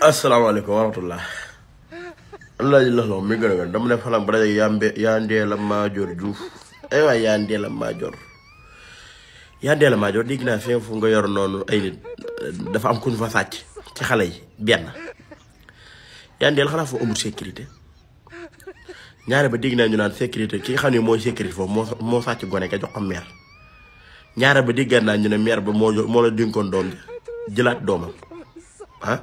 asalaamaaleykum wa rahmatullah alaaji laxlaw mi gën a gën dama ne falang ba dajeg yambe yandeela maajoor Diouf ay waay yandeela maajoor yandeela maajoor dégg naa fee fu nga yor noonu ay dafa am kuñ fa sàcc ci xale yi benn yandeel xanaa foo amul sécurité ñaare ba dégg naa ñu naan sécurité ki nga xam ne mooy sécurité foofu moo moo sàcc gone ka jox ko meer ñaare ba déggaat naa ñu ne meer ba moo moo la dénkoon doom ja jëlaat doomam ah?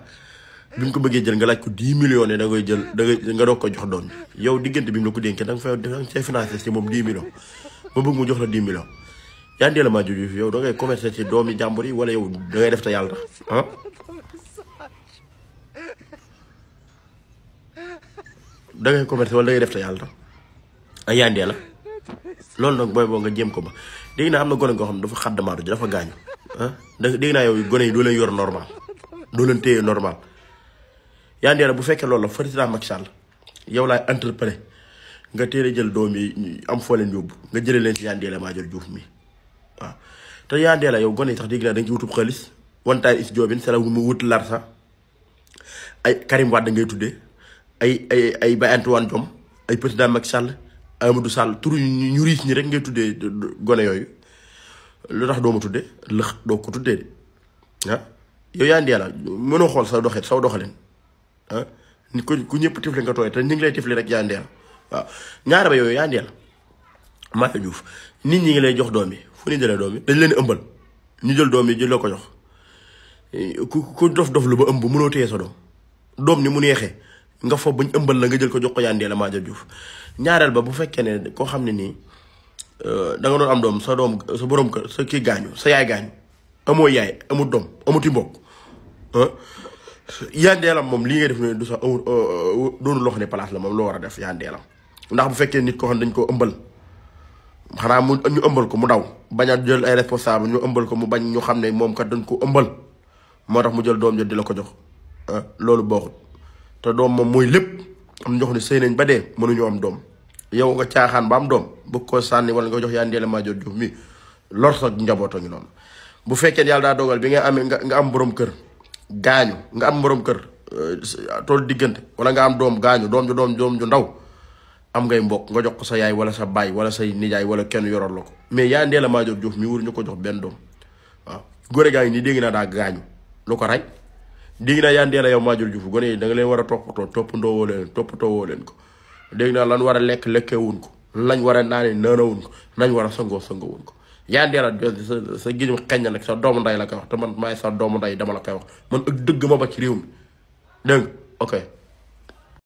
bi mu ko bëggee jël nga laaj ko 10 millions ne da jël da nga doog ko jox doom yow diggante bi mu ko dénkee da nga fay da nga fay financé jox la 10 millions yaa ndee la yow da ngay commercer si doomi jàmbur yi wala yow da ngay def ta yàlla ah wala da ngay def ta yàlla ak ah, yaa ndee la nag booy boo nga jëm ko ma dégg naa am na gone goo xam ne dafa xaddamaatu ji dafa gaañu ah dégg naa yow gone yi doo leen yor normal doo leen téye normal yaa ndeera bu fekkee loolu la président Macky Sall yow laay entrepreneur nga teel jël doom yi am foo leen yóbbu nga jëlee leen si yaa maa jël Diouf mi waaw te yaa ndeela yow gone yi sax dégg da nga ci wutub xaalis one time is joobin c'est mu wut larsa ay Karim Wade ngay tuddee ay ay ay Baye Antoine ay président Macky Sall Amadou Sall turu ñu riis rek ngay tuddee gone yooyu lu tax doo ma tuddee lëx doo ko tuddee de ah yaa ndeela mënoo xool sa doxet saw doxalin ah ku ñëpp tifli nga tooy te ñu ngi lay tifli rek yaa ndeel waaw ñaar ba yooyu yaa ndeel Mafia Diouf nit ñi ngi lay jox doom yi fu ñu jëlee doom yi dañ leen ëmbal ñu jël doom yi jël ko jox eh, ku ku dof dof lu ba ëmb mënoo téye sa doom doom ni mu neexee nga foofu bañ ëmbal la nga jël ko jox ko yaa ndeel Mafia Diouf ñaareel ba bu fekkee ne koo xam ne nii eh, da nga doon am doom sa doom sa boroom kër sa kii gaañu sa yaay gaañ amoo yaay amut doom amuti mbokk eh, yandeelam moom lii ngay def ne du sax euh, euh, doonu loo xam ne place la moom loo war a def yandeelam ndax bu fekkee nit ko xam dañ koo ëmbal xanaa mu ñu ëmbal ko mu daw bañ a jël ay responsable ñu ëmbal ko mu bañ ñu xam ne moom kat dañ ko ëmbal moo tax mu jël doom jël di la ko jox euh, loolu baaxut te doom moom mooy lépp am na ñoo xam ne sëy nañ ba dee mënuñoo am doom yow nga caaxaan ba am doom bu ko sànni wala nga jox yandeelam maa jot jox mi lor sa njaboot ñu noonu bu fekkee yàlla daa dogal bi nga amee nga am borom kër gaañu nga am borom kër euh, tool diggante wala nga am doom gaañu doom ju doom doom ju ndaw am ngay mbokk nga jox ko sa yaay wala sa baay wala say nijaay wala kenn yoroon la ko mais yaa Ndella Madior Diouf mi ñu ko jox benn doom waaw góore gaa ngi nii dégg naa daa gaañu lu ko rey dégg naa yaa Ndella yow Madior Diouf gone yi da nga leen war a toppatoo toppandoo leen ko dégg naa lan war a lekk lekkee wuñ ko lañ war a naanee naanawuñ ko nañ war a sangoo sangawuñ ko yaa deerat jooju sa sa géjum xeññ nag sa doomu ndey la koy wax te man maay sa doomu nday dama la koy wax man ak dëgg ma ba ci réew mi dégg ok